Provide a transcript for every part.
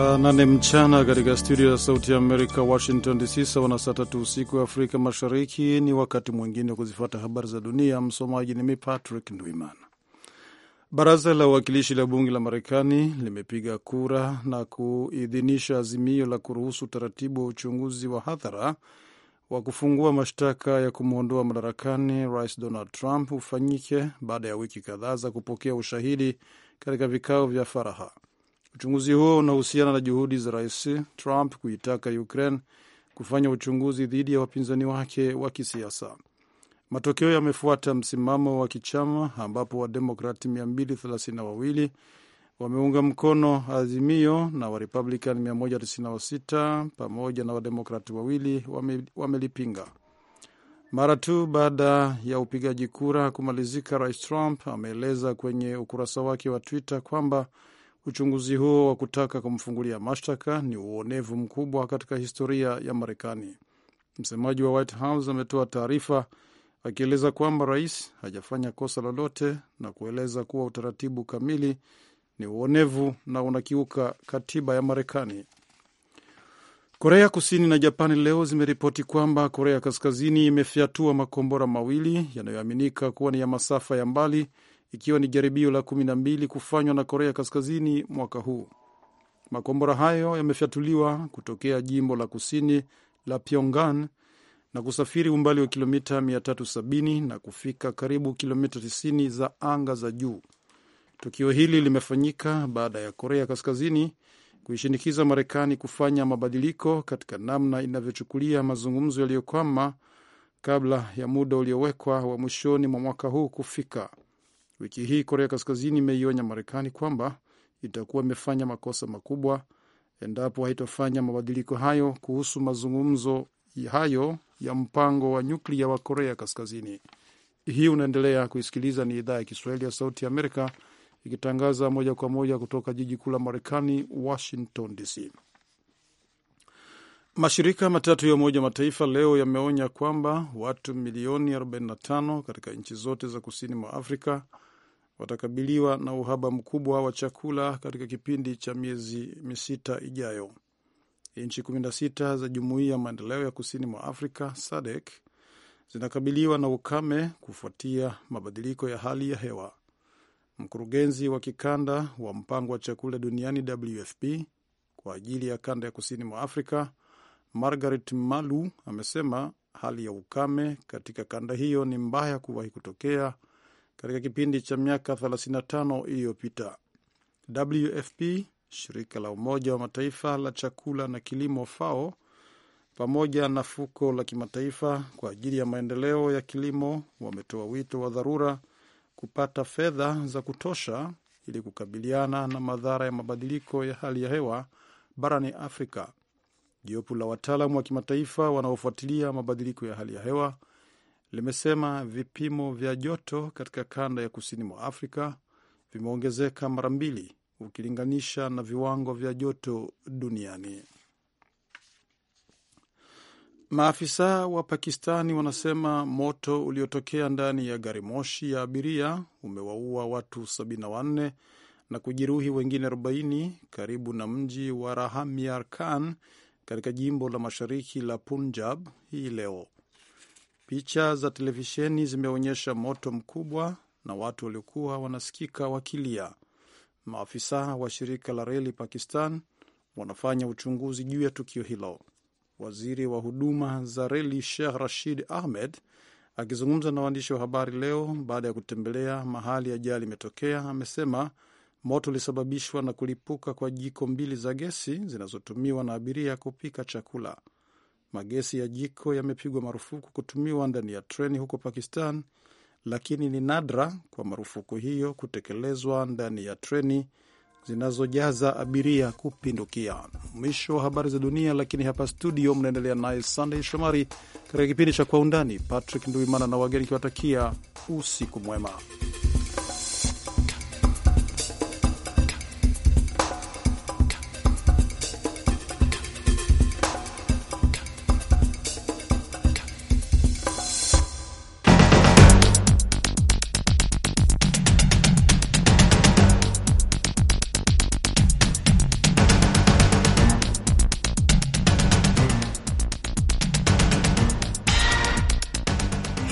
saa nane mchana katika studio ya Sauti ya Amerika, Washington DC, sawa na saa tatu usiku wa Afrika Mashariki. Ni wakati mwingine wa kuzifuata habari za dunia. Msomaji ni mi Patrick Ndwimana. Baraza la uwakilishi la Bunge la Marekani limepiga kura na kuidhinisha azimio la kuruhusu utaratibu wa uchunguzi wa hadhara wa kufungua mashtaka ya kumwondoa madarakani Rais Donald Trump ufanyike baada ya wiki kadhaa za kupokea ushahidi katika vikao vya faraha. Uchunguzi huo unahusiana na juhudi za Rais Trump kuitaka Ukraine kufanya uchunguzi dhidi ya wapinzani wake wa kisiasa. Matokeo yamefuata msimamo wa kichama ambapo Wademokrati 232 wameunga mkono azimio na Warepublican 196 pamoja na Wademokrati wawili wamelipinga. Mara tu baada ya upigaji kura kumalizika, Rais Trump ameeleza kwenye ukurasa wake wa Twitter kwamba Uchunguzi huo wa kutaka kumfungulia mashtaka ni uonevu mkubwa katika historia ya Marekani. Msemaji wa White House ametoa taarifa akieleza kwamba rais hajafanya kosa lolote na kueleza kuwa utaratibu kamili ni uonevu na unakiuka katiba ya Marekani. Korea Kusini na Japani leo zimeripoti kwamba Korea Kaskazini imefyatua makombora mawili yanayoaminika kuwa ni ya masafa ya mbali ikiwa ni jaribio la mbili kufanywa na Korea Kaskazini mwaka huu. Makombora hayo yamefyatuliwa kutokea jimbo la kusini la Pyongan na kusafiri umbali wa kilomita 370 na kufika karibu kilomita 90 za anga za juu. Tukio hili limefanyika baada ya Korea Kaskazini kuishinikiza Marekani kufanya mabadiliko katika namna inavyochukulia mazungumzo yaliyokwama kabla ya muda uliowekwa wa mwishoni mwa mwaka huu kufika. Wiki hii Korea Kaskazini imeionya Marekani kwamba itakuwa imefanya makosa makubwa endapo haitofanya mabadiliko hayo kuhusu mazungumzo hayo ya mpango wa nyuklia wa Korea Kaskazini. Hii unaendelea kuisikiliza, ni idhaa ya Kiswahili ya Sauti ya Amerika ikitangaza moja kwa moja kutoka jiji kuu la Marekani, Washington DC. Mashirika matatu ya Umoja Mataifa leo yameonya kwamba watu milioni 45 katika nchi zote za kusini mwa Afrika watakabiliwa na uhaba mkubwa wa chakula katika kipindi cha miezi misita ijayo. Nchi 16 za Jumuiya ya Maendeleo ya Kusini mwa Afrika SADC zinakabiliwa na ukame kufuatia mabadiliko ya hali ya hewa. Mkurugenzi wa kikanda wa mpango wa chakula duniani WFP kwa ajili ya kanda ya kusini mwa Afrika, Margaret Malu amesema hali ya ukame katika kanda hiyo ni mbaya kuwahi kutokea katika kipindi cha miaka 35 iliyopita. WFP, shirika la Umoja wa Mataifa la chakula na kilimo FAO, pamoja na fuko la kimataifa kwa ajili ya maendeleo ya kilimo wametoa wito wa dharura kupata fedha za kutosha ili kukabiliana na madhara ya mabadiliko ya hali ya hewa barani Afrika. Jopo la wataalamu wa kimataifa wanaofuatilia mabadiliko ya hali ya hewa limesema vipimo vya joto katika kanda ya kusini mwa Afrika vimeongezeka mara mbili ukilinganisha na viwango vya joto duniani. Maafisa wa Pakistani wanasema moto uliotokea ndani ya gari moshi ya abiria umewaua watu 74 na kujeruhi wengine 40 karibu na mji wa Rahmyar Khan katika jimbo la mashariki la Punjab hii leo. Picha za televisheni zimeonyesha moto mkubwa na watu waliokuwa wanasikika wakilia. Maafisa wa shirika la reli Pakistan wanafanya uchunguzi juu ya tukio hilo. Waziri wa huduma za reli Sheikh Rashid Ahmed akizungumza na waandishi wa habari leo baada ya kutembelea mahali ajali imetokea, amesema moto ulisababishwa na kulipuka kwa jiko mbili za gesi zinazotumiwa na abiria kupika chakula. Magesi ya jiko yamepigwa marufuku kutumiwa ndani ya treni huko Pakistan, lakini ni nadra kwa marufuku hiyo kutekelezwa ndani ya treni zinazojaza abiria kupindukia. Mwisho wa habari za dunia, lakini hapa studio mnaendelea naye sandey Shomari katika kipindi cha Kwa Undani. Patrick Nduimana na wageni kiwatakia usiku mwema.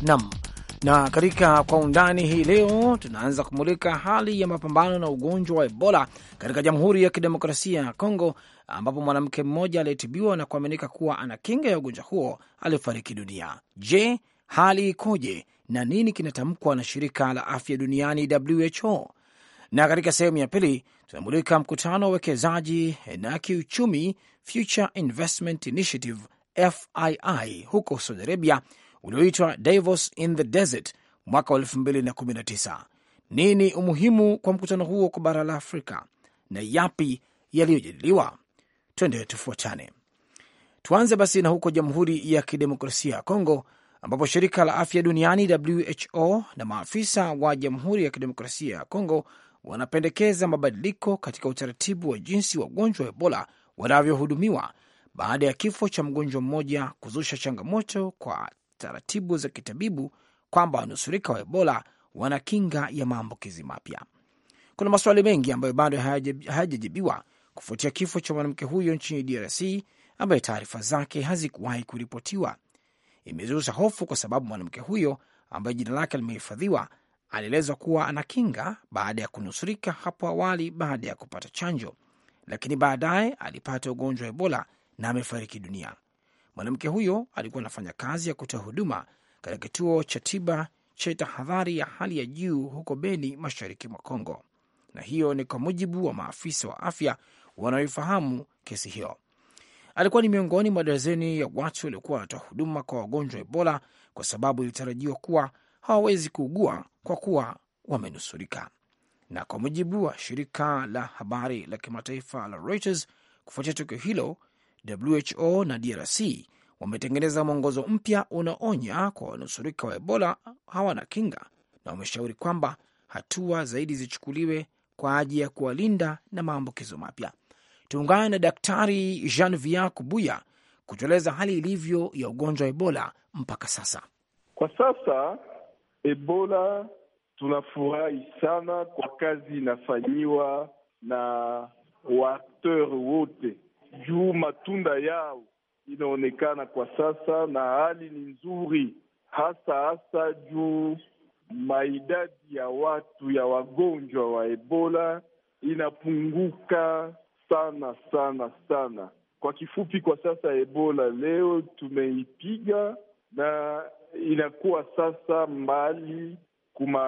Vietnam. Na katika kwa undani hii leo tunaanza kumulika hali ya mapambano na ugonjwa wa Ebola katika Jamhuri ya Kidemokrasia ya Kongo, ambapo mwanamke mmoja aliyetibiwa na kuaminika kuwa ana kinga ya ugonjwa huo alifariki dunia. Je, hali ikoje na nini kinatamkwa na shirika la afya duniani WHO? Na katika sehemu ya pili tunamulika mkutano wa uwekezaji na kiuchumi Future Investment Initiative FII huko Saudi Arabia ulioitwa Davos in the Desert mwaka wa 2019. Nini umuhimu kwa mkutano huo kwa bara la Afrika na yapi yaliyojadiliwa? Twende tufuatane. Tuanze basi na huko Jamhuri ya Kidemokrasia ya Kongo, ambapo shirika la afya duniani WHO na maafisa wa Jamhuri ya Kidemokrasia ya Kongo wanapendekeza mabadiliko katika utaratibu wa jinsi wagonjwa wa Ebola wanavyohudumiwa baada ya kifo cha mgonjwa mmoja kuzusha changamoto kwa taratibu za kitabibu kwamba wanusurika wa Ebola wana kinga ya maambukizi mapya. Kuna maswali mengi ambayo bado hayajajibiwa kufuatia kifo cha mwanamke huyo nchini DRC ambaye taarifa zake hazikuwahi kuripotiwa. Imezusha hofu kwa sababu mwanamke huyo ambaye jina lake limehifadhiwa alielezwa kuwa ana kinga baada ya kunusurika hapo awali baada ya kupata chanjo, lakini baadaye alipata ugonjwa wa Ebola na amefariki dunia. Mwanamke huyo alikuwa anafanya kazi ya kutoa huduma katika kituo cha tiba cha tahadhari ya hali ya juu huko Beni, mashariki mwa Kongo, na hiyo ni kwa mujibu wa maafisa wa afya wanaoifahamu kesi hiyo. Alikuwa ni miongoni mwa darzeni ya watu waliokuwa wanatoa huduma kwa wagonjwa wa Ebola kwa sababu ilitarajiwa kuwa hawawezi kuugua kwa kuwa wamenusurika. Na kwa mujibu wa shirika la habari la kimataifa la Reuters, kufuatia tukio hilo, WHO na DRC wametengeneza mwongozo mpya unaonya kwa wanusurika wa Ebola hawana kinga, na wameshauri kwamba hatua zaidi zichukuliwe kwa ajili ya kuwalinda na maambukizo mapya. Tuungane na Daktari Janvier Kubuya kutueleza hali ilivyo ya ugonjwa wa Ebola mpaka sasa. Kwa sasa Ebola tunafurahi sana kwa kazi inafanyiwa na waakteur wote juu matunda yao inaonekana kwa sasa, na hali ni nzuri, hasa hasa juu maidadi ya watu ya wagonjwa wa Ebola inapunguka sana sana sana. Kwa kifupi, kwa sasa Ebola leo tumeipiga na inakuwa sasa mbali kuma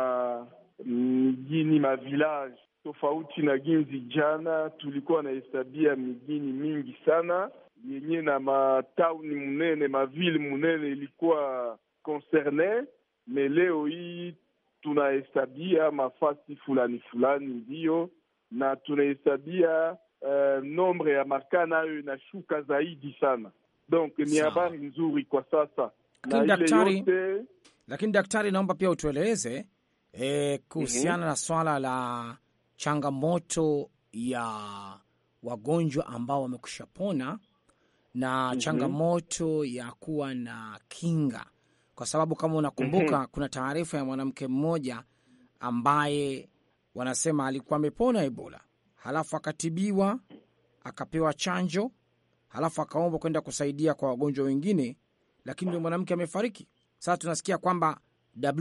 mm, mjini mavilaji tofauti na ginzi. Jana tulikuwa na hesabia migini mingi sana yenye na matauni munene mavili munene ilikuwa concerne me, leo hii tunahesabia mafasi fulani fulani ndiyo, na tunahesabia uh, eh, nombre ya makana nayo inashuka zaidi sana, donc ni habari nzuri kwa sasa. na yote... lakini daktari, naomba pia utueleze e, kuhusiana mm -hmm. na swala la changamoto ya wagonjwa ambao wamekusha pona na mm -hmm. changamoto ya kuwa na kinga, kwa sababu kama unakumbuka mm -hmm. kuna taarifa ya mwanamke mmoja ambaye wanasema alikuwa amepona Ebola, halafu akatibiwa akapewa chanjo, halafu akaomba kwenda kusaidia kwa wagonjwa wengine, lakini ndio mwanamke amefariki. Sasa tunasikia kwamba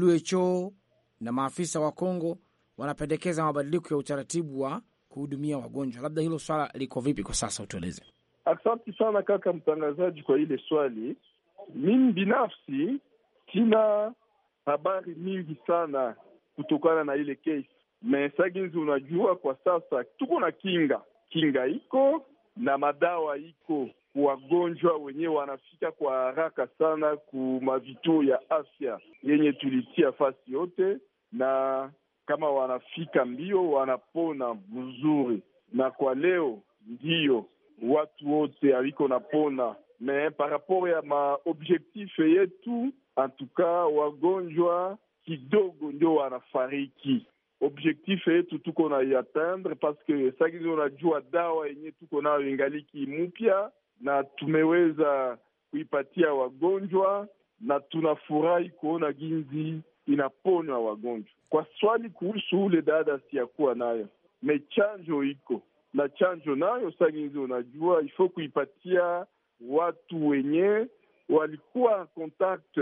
WHO na maafisa wa Kongo wanapendekeza mabadiliko ya utaratibu wa kuhudumia wagonjwa. Labda hilo swala liko vipi kwa sasa, utueleze. Asante sana kaka mtangazaji kwa ile swali. Mimi binafsi sina habari mingi sana kutokana na ile kesi mesagizi. Unajua, kwa sasa tuko na kinga, kinga iko na madawa iko, wagonjwa wenyewe wanafika kwa haraka sana ku mavituo ya afya yenye tulitia fasi yote, na kama wanafika mbio wanapona vizuri, na kwa leo ndiyo watu wote aliko napona me par rapport ya maobjektif yetu, antuka wagonjwa kidogo ndio wanafariki. Objektif yetu tuko na iatendre paske ndio najua dawa yenye tuko nayo ingaliki mupya na tumeweza kuipatia wagonjwa, na tunafurahi kuona ginzi inaponywa wagonjwa. Kwa swali kuhusu ule dada siyakuwa nayo me chanjo iko na chanjo nayo sangizi, unajua ifo kuipatia watu wenye walikuwa kontakt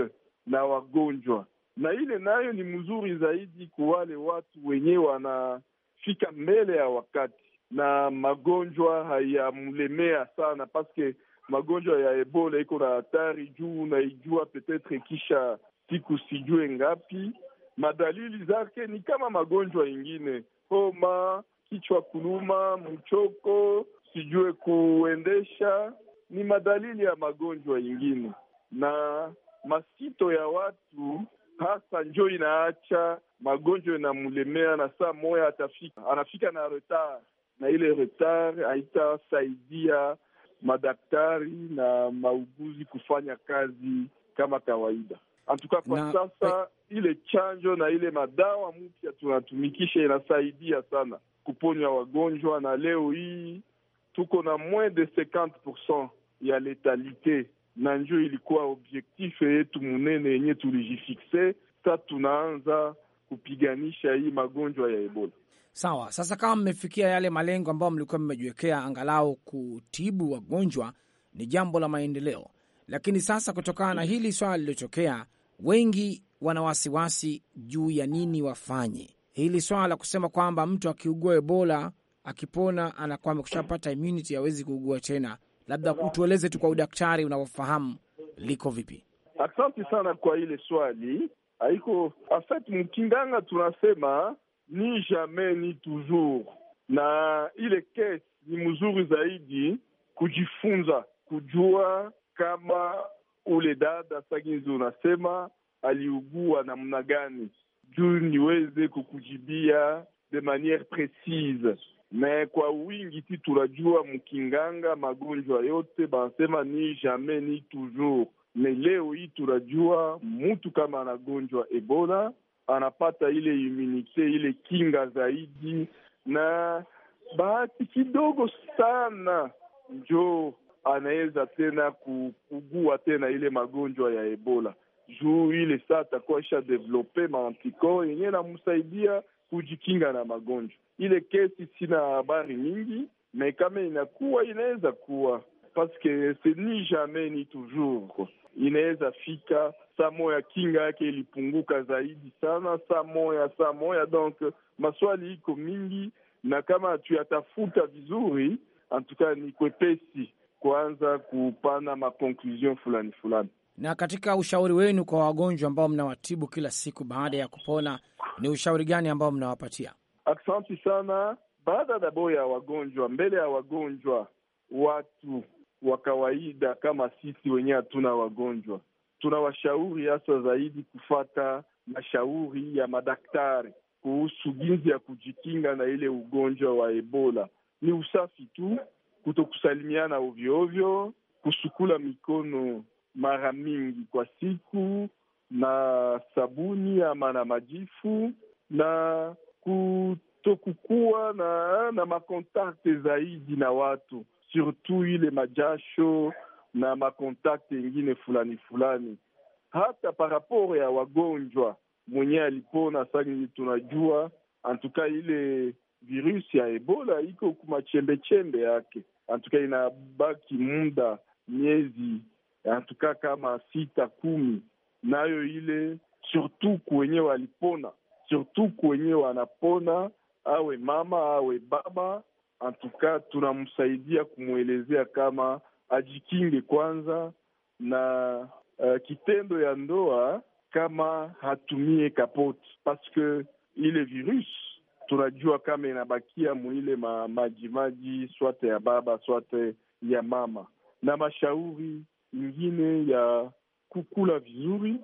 na wagonjwa, na ile nayo ni mzuri zaidi kwa wale watu wenye wanafika mbele ya wakati na magonjwa hayamlemea sana, paske magonjwa ya Ebola iko na hatari juu, unaijua petetre kisha siku sijue ngapi. Madalili zake ni kama magonjwa ingine, homa, kichwa kuluma, mchoko, sijue kuendesha, ni madalili ya magonjwa ingine, na masito ya watu hasa njo inaacha magonjwa inamlemea na saa moya atafika anafika na retard, na ile retard haitasaidia madaktari na mauguzi kufanya kazi kama kawaida. En tout cas kwa na, sasa eh, ile chanjo na ile madawa mpya tunatumikisha inasaidia sana kuponya wagonjwa, na leo hii tuko na moins de 50% ya letalite, na njo ilikuwa objektif yetu munene yenye tulijifikse. Sa tunaanza kupiganisha hii magonjwa ya Ebola. Sawa, sasa kama mmefikia yale malengo ambayo mlikuwa mmejiwekea, angalau kutibu wagonjwa ni jambo la maendeleo, lakini sasa kutokana na hili swala lililotokea wengi wana wasiwasi juu ya nini wafanye. Hili swala la kusema kwamba mtu akiugua Ebola akipona anakuwa amekushapata immunity, awezi kuugua tena, labda utueleze tu kwa udaktari unaofahamu liko vipi? Asante sana kwa ile swali. aiko afet mkinganga, tunasema ni jamais ni toujours, na ile kesi ni mzuri zaidi kujifunza, kujua kama ule dada Sagizi unasema aliugua namna gani, juu niweze kukujibia de maniere precise me kwa wingi ti tunajua mkinganga magonjwa yote banasema ni jamais ni toujours. Me leo hii tunajua mutu kama anagonjwa Ebola anapata ile immunite ile kinga zaidi, na bahati kidogo sana njo anaweza tena kugua tena ile magonjwa ya Ebola juu ile saa atakuwa isha develope maantiko yenyewe namsaidia kujikinga na magonjwa. Ile kesi sina habari nyingi, me kama inakuwa inaweza kuwa paske se ni jamais ni toujours, inaweza fika saa moya kinga yake ilipunguka zaidi sana, saa moya saa moya. Donc maswali iko mingi, na kama tuyatafuta vizuri, antuka ni kwepesi kuanza kupana makonklusion fulani fulani. Na katika ushauri wenu kwa wagonjwa ambao mnawatibu kila siku baada ya kupona, ni ushauri gani ambao mnawapatia? Asanti sana. Baada ya dabo ya wagonjwa, mbele ya wagonjwa, watu wa kawaida kama sisi wenyewe hatuna wagonjwa, tunawashauri hasa zaidi kufata mashauri ya madaktari kuhusu jinsi ya kujikinga na ile ugonjwa wa Ebola. Ni usafi tu kutokusalimiana ovyoovyo, kusukula mikono mara mingi kwa siku na sabuni ama na majifu, na kutokukuwa na, na makontakte zaidi na watu surtout ile majasho na makontakte ingine fulani fulani, hata paraporo ya wagonjwa mwenyewe alipona sangi. Tunajua antuka ile virusi ya Ebola iko kumachembechembe yake antuka inabaki muda miezi antuka kama sita kumi, nayo ile surtout kwenye walipona surtout kwenye wanapona, awe mama awe baba, antuka tunamsaidia kumwelezea kama ajikinge kwanza na uh, kitendo ya ndoa kama hatumie kapoti paske ile virusi tunajua kama inabakia mwile ma, majimaji swate ya baba swate ya mama, na mashauri ingine ya kukula vizuri,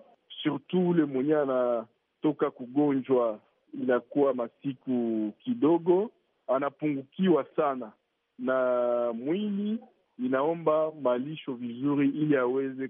surtout ule mwenye anatoka kugonjwa, inakuwa masiku kidogo anapungukiwa sana na mwili inaomba malisho vizuri ili aweze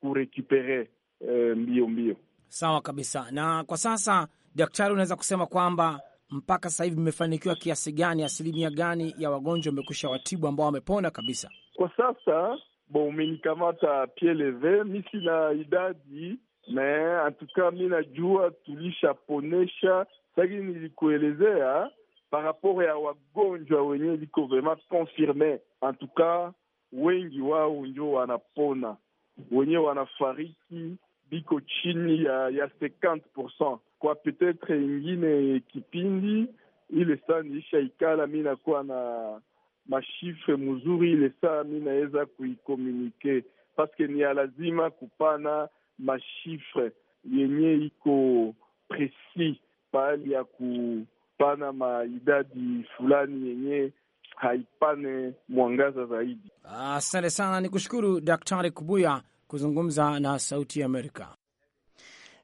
kurekupere eh, mbio mbio. Sawa kabisa. Na kwa sasa, daktari, unaweza kusema kwamba mpaka sasa hivi mmefanikiwa kiasi gani? Asilimia gani ya wagonjwa wamekusha watibu ambao wamepona kabisa kwa sasa? Bo, umenikamata pleve, mi sina idadi me antuka, mi najua tulishaponesha saki nilikuelezea parapor ya wagonjwa wenye liko vrema confirme antuka, wengi wao njo wanapona, wenye wanafariki biko chini ya ya 50 kwa petetre ingine kipindi ile saa niisha ikala, mi nakuwa na mashifre mzuri, ile saa mi naweza kuikomunike paske ni ya lazima kupana mashifre yenye iko presi pahali ya kupana maidadi fulani yenye haipane mwangaza zaidi. Asante ah, sana. Ni kushukuru Daktari Kubuya kuzungumza na Sauti ya Amerika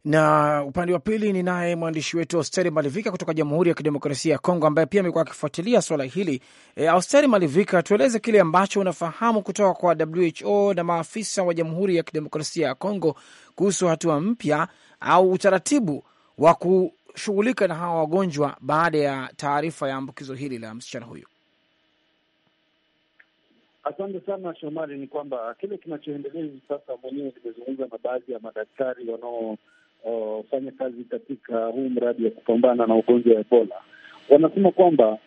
na upande wa pili ni naye mwandishi wetu Austeri Malivika kutoka Jamhuri ya Kidemokrasia ya Kongo, ambaye pia amekuwa akifuatilia swala hili. E, Austeri Malivika, tueleze kile ambacho unafahamu kutoka kwa WHO na maafisa wa Jamhuri ya Kidemokrasia ya Kongo kuhusu hatua mpya au utaratibu wa kushughulika na hawa wagonjwa baada ya taarifa ya ambukizo hili la msichana huyu. Asante sana Shomari. Ni kwamba kile kinachoendelea hivi sasa, mwenyewe nimezungumza na baadhi ya madaktari wanao wafanya kazi katika huu mradi wa kupambana na ugonjwa wa Ebola wanasema kwamba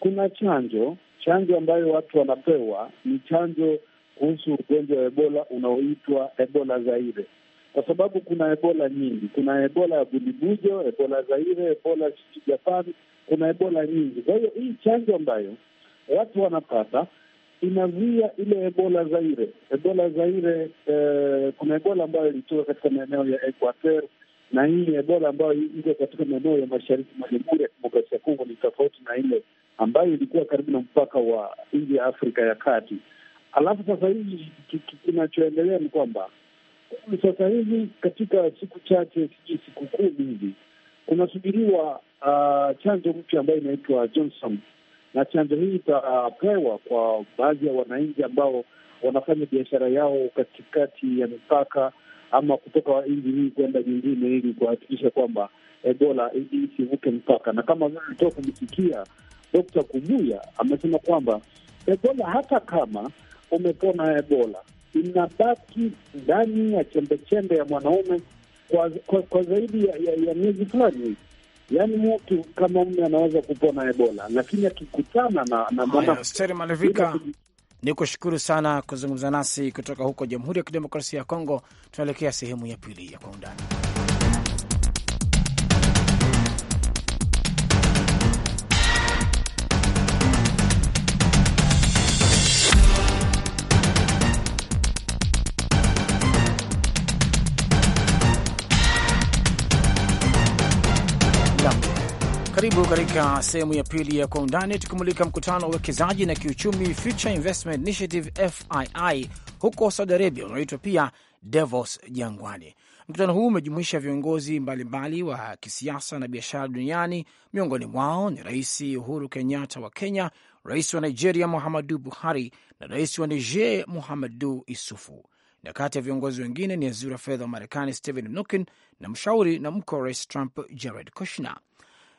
kuna chanjo, chanjo ambayo watu wanapewa ni chanjo kuhusu ugonjwa wa Ebola unaoitwa Ebola Zaire, kwa sababu kuna Ebola nyingi. Kuna Ebola ya Buribujo, Ebola Zaire, Ebola sijui japan kuna Ebola nyingi. Kwa hiyo hii chanjo ambayo watu wanapata inazuia ile Ebola Zaire. Ebola Zaire eh, kuna Ebola ambayo ilitoka katika maeneo ya Equateur na hii Ebola ambayo iko katika maeneo ya mashariki mwa Jamhuri ya Kidemokrasia ya Kongo ni tofauti na ile ambayo ilikuwa karibu na mpaka wa nchi ya Afrika ya Kati. Alafu sasa hivi kinachoendelea ni kwamba sasa hivi katika siku chache, sijui siku kumi hivi, kunasubiriwa uh, chanjo mpya ambayo inaitwa Johnson, na chanjo hii itapewa uh, kwa baadhi ya wananchi ambao wanafanya biashara yao katikati ya mipaka ama kutoka nchi hii kwenda nyingine, ili kuhakikisha kwamba Ebola isivuke mpaka. Na kama vile kumsikia Dkt. kubuya amesema kwamba Ebola hata kama umepona Ebola inabaki ndani ya chembechembe ya mwanaume kwa, kwa, kwa zaidi ya, ya, ya miezi fulani Yaani mtu kama mume anaweza kupona Ebola, lakini akikutana na, na mwanamke ni kushukuru sana kuzungumza nasi kutoka huko Jamhuri ya Kidemokrasia ya Kongo. Tunaelekea sehemu ya pili ya Kwa Undani. Karibu katika sehemu ya pili ya Kwa Undani, tukimulika mkutano wa uwekezaji na kiuchumi Future Investment Initiative FII huko Saudi Arabia unaoitwa pia Davos Jangwani. Mkutano huu umejumuisha viongozi mbalimbali wa kisiasa na biashara duniani. Miongoni mwao ni Rais Uhuru Kenyatta wa Kenya, Rais wa Nigeria Muhammadu Buhari na Rais wa Niger Muhammadu Isufu, na kati ya viongozi wengine ni waziri wa fedha wa Marekani stephen Mnuchin na mshauri na mko wa Rais Trump Jared Kushner.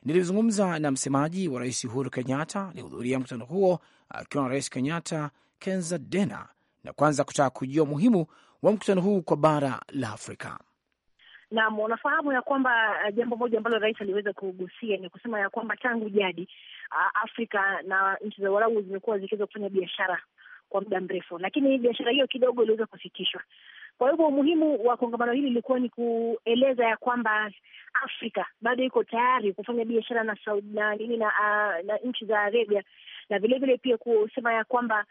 Nilizungumza na msemaji wa rais Uhuru Kenyatta alihudhuria mkutano huo akiwa na rais Kenyatta Kenza Dena, na kwanza kutaka kujua umuhimu wa mkutano huu kwa bara la Afrika. Naam, unafahamu ya kwamba eh, jambo moja ambalo rais aliweza kugusia ni kusema ya kwamba tangu jadi Afrika na nchi za Uarabu zimekuwa zikiweza kufanya biashara kwa muda mrefu, lakini biashara hiyo kidogo iliweza kusitishwa kwa hivyo umuhimu wa kongamano hili ilikuwa ni kueleza ya kwamba Afrika bado iko tayari kufanya biashara na Saudi na nini na, na, ah, na nchi za Arabia na vilevile pia kusema ya kwamba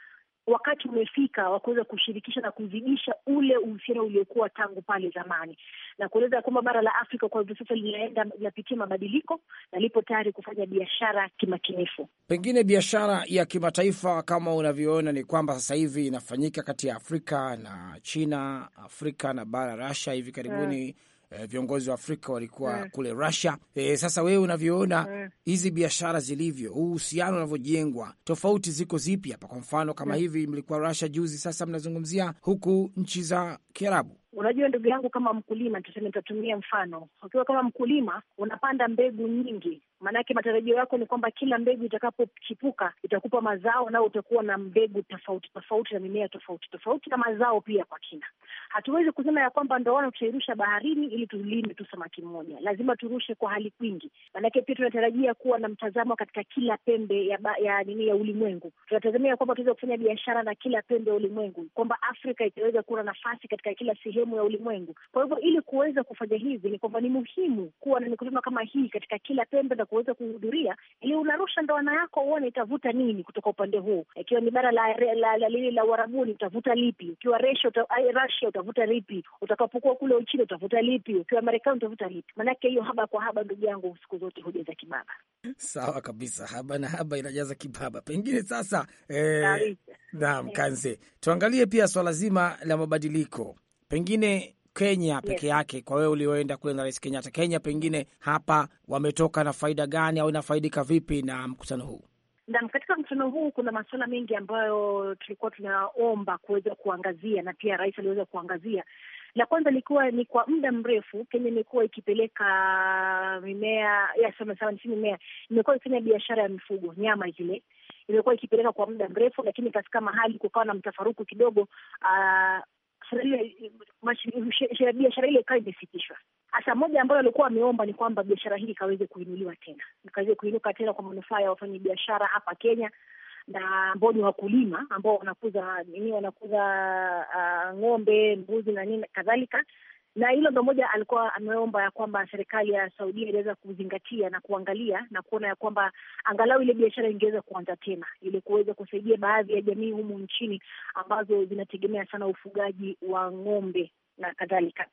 wakati umefika wa kuweza kushirikisha na kuzidisha ule uhusiano uliokuwa tangu pale zamani, na kueleza ya kwamba bara la Afrika kwa hivi sasa linaenda linapitia mabadiliko na lipo tayari kufanya biashara kimakinifu. Pengine biashara ya kimataifa kama unavyoona ni kwamba sasa hivi inafanyika kati ya Afrika na China, Afrika na bara Russia hivi karibuni hmm eh, viongozi wa Afrika walikuwa yeah, mm. kule Russia. Eh, sasa wewe unavyoona mm. hizi yeah, biashara zilivyo, huu uhusiano unavyojengwa, tofauti ziko zipi hapa? Kwa mfano kama yeah, mm. hivi mlikuwa Russia juzi, sasa mnazungumzia huku nchi za Kiarabu. Unajua ndugu yangu, kama mkulima, tuseme, nitatumia mfano ukiwa kama mkulima unapanda mbegu nyingi maanake matarajio yako ni kwamba kila mbegu itakapochipuka itakupa mazao, nao utakuwa na mbegu tofauti tofauti na mimea tofauti tofauti na mazao pia kwa kina. Hatuwezi kusema ya kwamba ndoano tutairusha baharini ili tulime tu samaki mmoja, lazima turushe kwa hali kwingi, maanake pia tunatarajia kuwa na mtazamo katika kila pembe ya ba, ya nini ya ulimwengu. Tunatazamia kwamba tuweze kufanya biashara na kila pembe ya ulimwengu, kwamba Afrika itaweza kuwa na nafasi katika kila sehemu ya ulimwengu. Kwa hivyo ili kuweza kufanya hivi ni kwamba ni muhimu kuwa na mikutano kama hii katika kila pembe na kuweza kuhudhuria, ili unarusha ndoana yako uone itavuta nini kutoka upande huu. Ikiwa ni bara la lili la, la, la, la uharabuni utavuta lipi? Ukiwa Russia utavuta lipi? Utakapokuwa kule Uchina utavuta lipi? Ukiwa Marekani utavuta lipi? Maanake hiyo haba kwa haba, ndugu yangu, siku zote hujaza kibaba. Sawa kabisa, haba na haba inajaza kibaba. Pengine sasa eh, naam, eh. Kanze, tuangalie pia swala zima la mabadiliko pengine Kenya yes, peke yake. Kwa wewe ulioenda kule na Rais Kenyatta, Kenya pengine hapa wametoka na faida gani au inafaidika vipi na mkutano huu? Naam, katika mkutano huu kuna masuala mengi ambayo tulikuwa tunaomba kuweza kuangazia na pia rais aliweza kuangazia. La kwanza ilikuwa ni kwa muda mrefu Kenya imekuwa ikipeleka mimea ya sama si mimea, imekuwa ikifanya biashara ya mifugo, nyama zile imekuwa ikipeleka kwa muda mrefu, lakini katika mahali kukawa na mtafaruku kidogo. Uh, biashara ile ikawa imesitishwa. Hasa moja ambayo alikuwa ameomba ni kwamba biashara hii ikaweze kuinuliwa tena, ikaweze kuinuka tena kwa manufaa ya wafanya biashara hapa Kenya na ambao ni wakulima ambao wanakuza nini, wanakuza uh, ng'ombe, mbuzi na nini kadhalika na hilo ndo moja alikuwa ameomba ya kwamba serikali ya Saudia iliweza kuzingatia na kuangalia na kuona ya kwamba angalau ile biashara ingeweza kuanza tena ili kuweza kusaidia baadhi ya jamii humu nchini ambazo zinategemea sana ufugaji wa ng'ombe na kadhalika.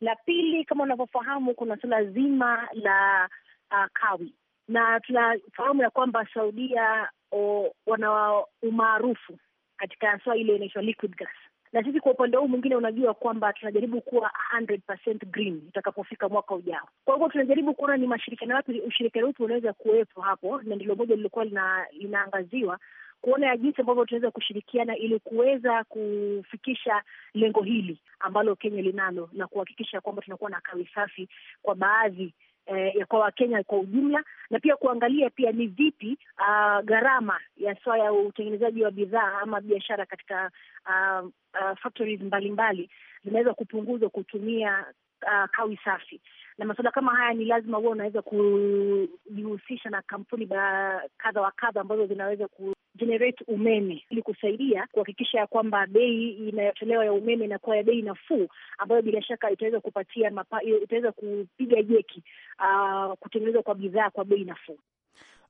La pili, kama unavyofahamu, kuna suala zima la uh, kawi na tunafahamu ya kwamba Saudia oh, wana umaarufu katika swala ile inaitwa liquid gas na sisi kwa upande huu mwingine, unajua kwamba tunajaribu kuwa 100% green itakapofika mwaka ujao. Kwa hivyo tunajaribu kuona ni mashirikiano yapi, ushirikiano wetu unaweza kuwepo hapo, na ndilo moja lilikuwa lina, linaangaziwa kuona ya jinsi ambavyo tunaweza kushirikiana ili kuweza kufikisha lengo hili ambalo Kenya linalo na kuhakikisha kwamba tunakuwa na kawi safi kwa baadhi eh, kwa Wakenya kwa ujumla, na pia kuangalia pia ni vipi uh, gharama ya swa ya utengenezaji wa bidhaa ama biashara katika uh, uh, factories mbalimbali zinaweza kupunguzwa kutumia uh, kawi safi na masuala kama haya ni lazima huwa unaweza kujihusisha na kampuni kadha wa kadha ambazo zinaweza ku generate umeme ili kusaidia kuhakikisha ya kwamba bei inayotolewa ya umeme inakuwa ya bei nafuu, ambayo bila shaka itaweza kupatia mapa, itaweza kupiga jeki uh, kutengenezwa kwa bidhaa kwa bei nafuu.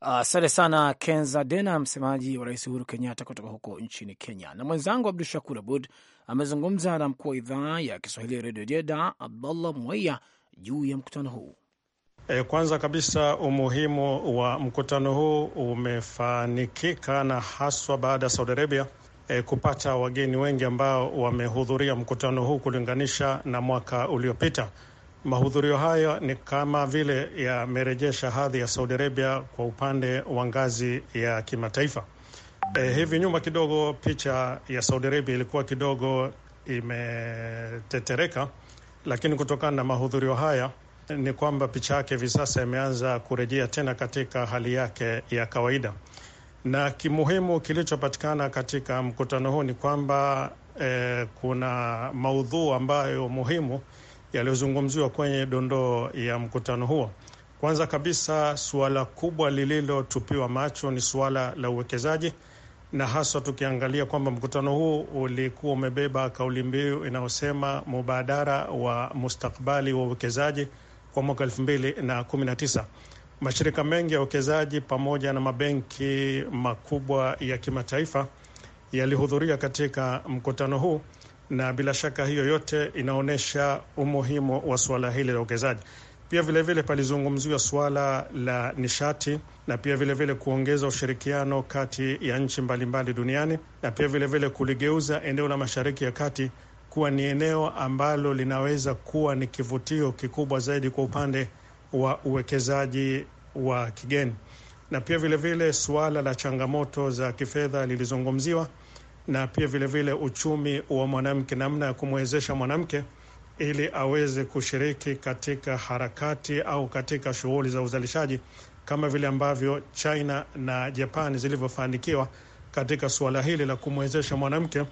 Asante uh, sana Kenza Dena, msemaji wa Rais Uhuru Kenyatta kutoka huko nchini Kenya. Na mwenzangu Abdu Shakur Abud amezungumza na mkuu wa idhaa ya Kiswahili ya Redio Jeda, Abdullah Mwaiya, juu ya mkutano huu. E, kwanza kabisa umuhimu wa mkutano huu umefanikika na haswa baada ya Saudi Arabia e, kupata wageni wengi ambao wamehudhuria mkutano huu kulinganisha na mwaka uliopita. Mahudhurio hayo ni kama vile yamerejesha hadhi ya Saudi Arabia kwa upande wa ngazi ya kimataifa. E, hivi nyuma kidogo picha ya Saudi Arabia ilikuwa kidogo imetetereka, lakini kutokana na mahudhurio haya ni kwamba picha yake hivi sasa imeanza kurejea tena katika hali yake ya kawaida, na kimuhimu kilichopatikana katika mkutano huu ni kwamba eh, kuna maudhuu ambayo muhimu yaliyozungumziwa kwenye dondoo ya mkutano huo. Kwanza kabisa, suala kubwa lililotupiwa macho ni suala la uwekezaji, na haswa tukiangalia kwamba mkutano huu ulikuwa umebeba kauli mbiu inayosema mubadara wa mustakbali wa uwekezaji kwa mwaka tisa. Mashirika mengi ya uwekezaji pamoja na mabenki makubwa ya kimataifa yalihudhuria katika mkutano huu, na bila shaka hiyo yote inaonyesha umuhimu wa suala hili la uwekezaji. Pia vilevile palizungumziwa suala la nishati na pia vilevile kuongeza ushirikiano kati ya nchi mbalimbali duniani na pia vilevile kuligeuza eneo la Mashariki ya Kati kuwa ni eneo ambalo linaweza kuwa ni kivutio kikubwa zaidi kwa upande wa uwekezaji wa kigeni. Na pia vilevile suala la changamoto za kifedha lilizungumziwa, na pia vilevile vile uchumi wa mwanamke, namna ya kumwezesha mwanamke ili aweze kushiriki katika harakati au katika shughuli za uzalishaji kama vile ambavyo China na Japan zilivyofanikiwa katika suala hili la kumwezesha mwanamke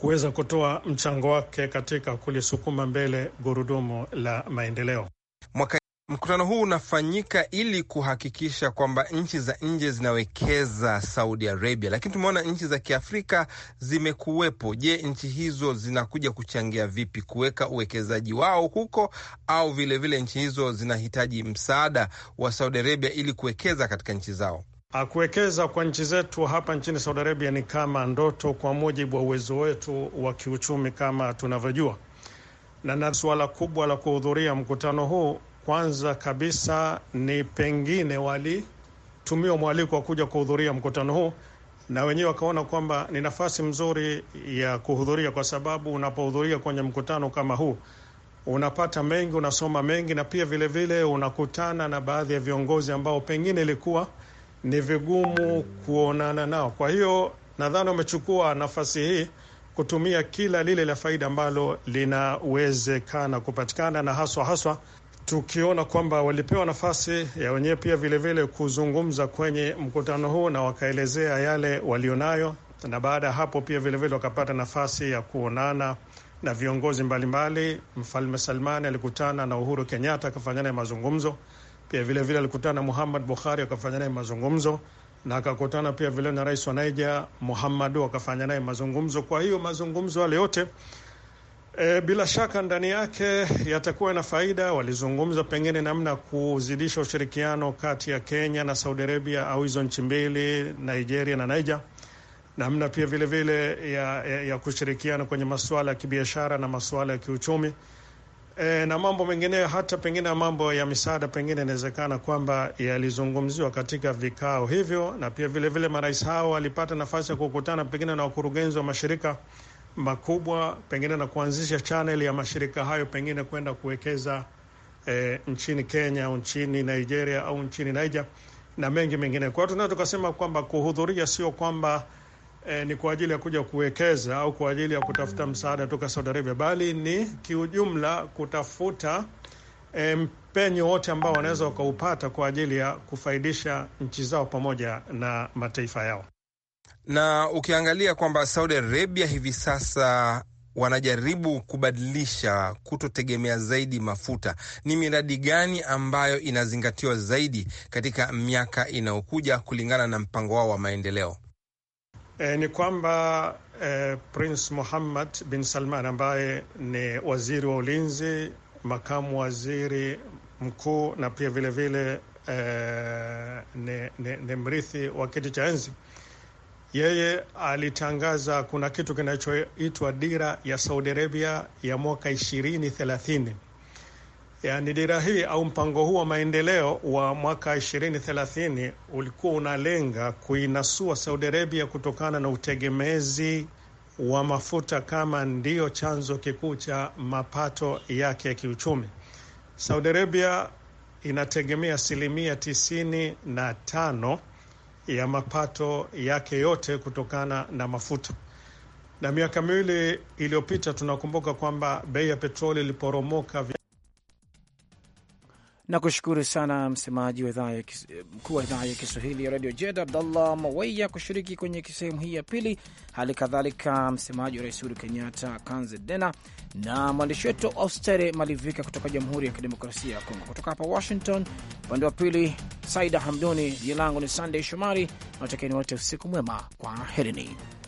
kuweza kutoa mchango wake katika kulisukuma mbele gurudumu la maendeleo. Mwaka mkutano huu unafanyika ili kuhakikisha kwamba nchi za nje zinawekeza Saudi Arabia, lakini tumeona nchi za Kiafrika zimekuwepo. Je, nchi hizo zinakuja kuchangia vipi kuweka uwekezaji wao huko, au vilevile vile nchi hizo zinahitaji msaada wa Saudi Arabia ili kuwekeza katika nchi zao? Kuwekeza kwa nchi zetu hapa nchini Saudi Arabia ni kama ndoto, kwa mujibu wa uwezo wetu wa kiuchumi kama tunavyojua, na na suala kubwa la kuhudhuria mkutano huu, kwanza kabisa ni pengine walitumiwa mwaliko wa kuja kuhudhuria mkutano huu na wenyewe wakaona kwamba ni nafasi mzuri ya kuhudhuria, kwa sababu unapohudhuria kwenye mkutano kama huu unapata mengi, unasoma mengi, na pia vilevile vile unakutana na baadhi ya viongozi ambao pengine ilikuwa ni vigumu kuonana nao. Kwa hiyo nadhani wamechukua nafasi hii kutumia kila lile la faida ambalo linawezekana kupatikana, na haswa haswa tukiona kwamba walipewa nafasi ya wenyewe pia vilevile kuzungumza kwenye mkutano huu na wakaelezea yale walionayo, na baada ya hapo pia vilevile wakapata nafasi ya kuonana na viongozi mbalimbali. Mfalme Salmani alikutana na Uhuru Kenyatta akafanyana mazungumzo. Pia e, vile vile alikutana na Muhammad Bukhari akafanya naye mazungumzo na akakutana pia vile na rais wa Niger Muhammadu akafanya naye mazungumzo. Kwa hiyo mazungumzo yale yote e, bila shaka ndani yake yatakuwa na faida. Walizungumza pengine namna kuzidisha ushirikiano kati ya Kenya na Saudi Arabia au hizo nchi mbili, Nigeria na Niger, namna pia vile vile ya, ya, ya kushirikiana kwenye masuala ya kibiashara na masuala ya kiuchumi e, na mambo mengineyo, hata pengine ya mambo ya misaada, pengine inawezekana kwamba yalizungumziwa katika vikao hivyo, na pia vilevile marais hao walipata nafasi ya kukutana pengine na wakurugenzi wa mashirika makubwa, pengine na kuanzisha chaneli ya mashirika hayo pengine kwenda kuwekeza e, nchini Kenya au nchini Nigeria au nchini Niger na mengi mengine. Kwa hiyo tunaweza tukasema kwamba kuhudhuria sio kwamba e, ni kwa ajili ya kuja kuwekeza au kwa ajili ya kutafuta msaada toka Saudi Arabia, bali ni kiujumla kutafuta e, mpenyo wote ambao wanaweza wakaupata kwa ajili ya kufaidisha nchi zao pamoja na mataifa yao. Na ukiangalia kwamba Saudi Arabia hivi sasa wanajaribu kubadilisha kutotegemea zaidi mafuta. Ni miradi gani ambayo inazingatiwa zaidi katika miaka inayokuja kulingana na mpango wao wa maendeleo? E, ni kwamba e, Prince Muhammad bin Salman ambaye ni waziri wa ulinzi, makamu waziri mkuu na pia vilevile vile, e, ni, ni, ni mrithi wa kiti cha enzi, yeye alitangaza kuna kitu kinachoitwa dira ya Saudi Arabia ya mwaka ishirini thelathini yani dira hii au mpango huu wa maendeleo wa mwaka 2030 ulikuwa unalenga kuinasua Saudi Arabia kutokana na utegemezi wa mafuta kama ndiyo chanzo kikuu cha mapato yake ya kiuchumi. Saudi Arabia inategemea asilimia tisini na tano ya mapato yake yote kutokana na mafuta. Na miaka miwili iliyopita, tunakumbuka kwamba bei ya petroli iliporomoka Nakushukuru sana msemaji mkuu wa idhaa ya Kiswahili ya redio Jed Abdallah Maweya kushiriki kwenye sehemu hii ya pili, hali kadhalika msemaji wa rais Uhuru Kenyatta Kanze Dena na mwandishi wetu Austere Malivika kutoka Jamhuri ya Kidemokrasia ya Kongo. Kutoka hapa Washington, upande wa pili Saida Hamduni. Jina langu ni Sandey Shomari, nawatakieni wote usiku mwema, kwa herini.